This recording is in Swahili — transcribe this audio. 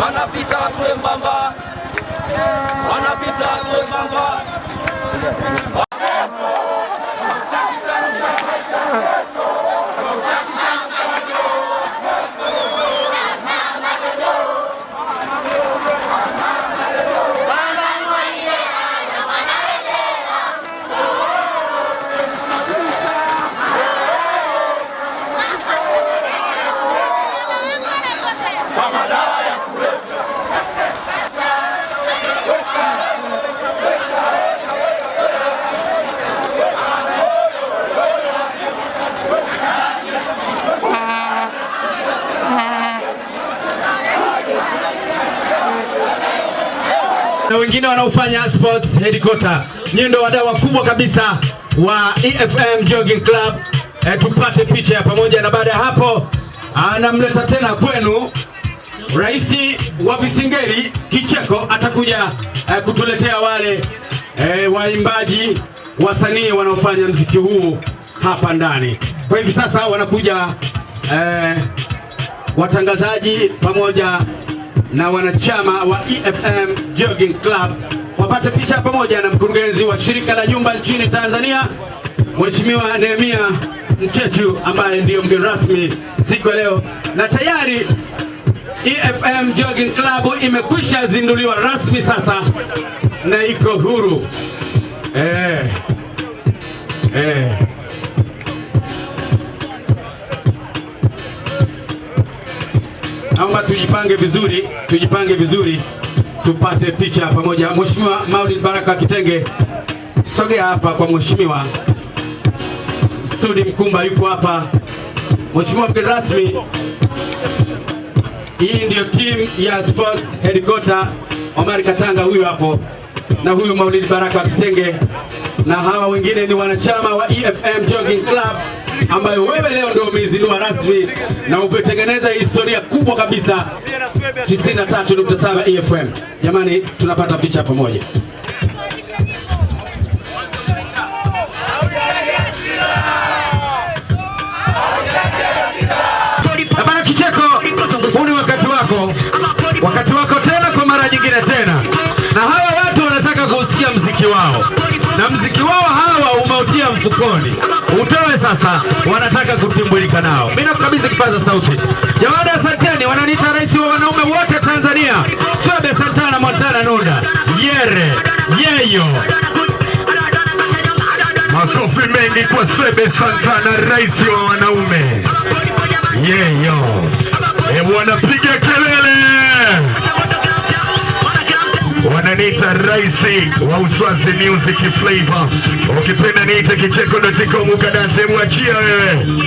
Wanapita watu Yeah. na wengine wanaofanya sports headquarters. Nyinyi ndio wadau wakubwa kabisa wa EFM Jogging Club. E, tupate picha ya pamoja, na baada ya hapo anamleta tena kwenu Rais wa Visingeri Kicheko atakuja e, kutuletea wale e, waimbaji wasanii wanaofanya mziki huu hapa ndani. Kwa hivi sasa wanakuja e, watangazaji pamoja na wanachama wa EFM Jogging Club wapate picha pamoja na mkurugenzi wa shirika la nyumba nchini Tanzania Mheshimiwa Nehemia Mchechu ambaye ndiyo mgeni rasmi siku ya leo, na tayari EFM Jogging Club imekwisha zinduliwa rasmi sasa na iko huru eh. Eh. naomba tujipange vizuri, tujipange vizuri tupate picha pamoja. Mheshimiwa Maulid Baraka Kitenge, sogea hapa kwa Mheshimiwa Sudi Mkumba, yuko hapa. Mheshimiwa mgeni rasmi, hii ndio timu ya sports headquarter Omar Katanga, huyu hapo na huyu Maulid Baraka Kitenge na hawa wengine ni wanachama wa EFM Jogging Club ambayo wewe leo ndio umeizindua rasmi na umetengeneza historia kubwa kabisa 93.7 EFM. Jamani, tunapata picha pamoja. Hapana wakati wako, wakati wako tena, kwa mara nyingine tena, na hawa watu wanataka kusikia mziki wao na mziki wao hawa umeutia mfukoni, utoe sasa, wanataka kutimbulika nao. Mimi nakukabidhi kipaza sauti. Jamani, asanteni, wananiita rais wa wanaume wote Tanzania, Swebe Santana Montana Nunda Yere Yeyo. Makofi mengi kwa Swebe Santana, rais wa wanaume Yeyo. niita raisi wa Uswazi music flavor, ukipenda niite kicheko, ndio mukadase, mwachia wewe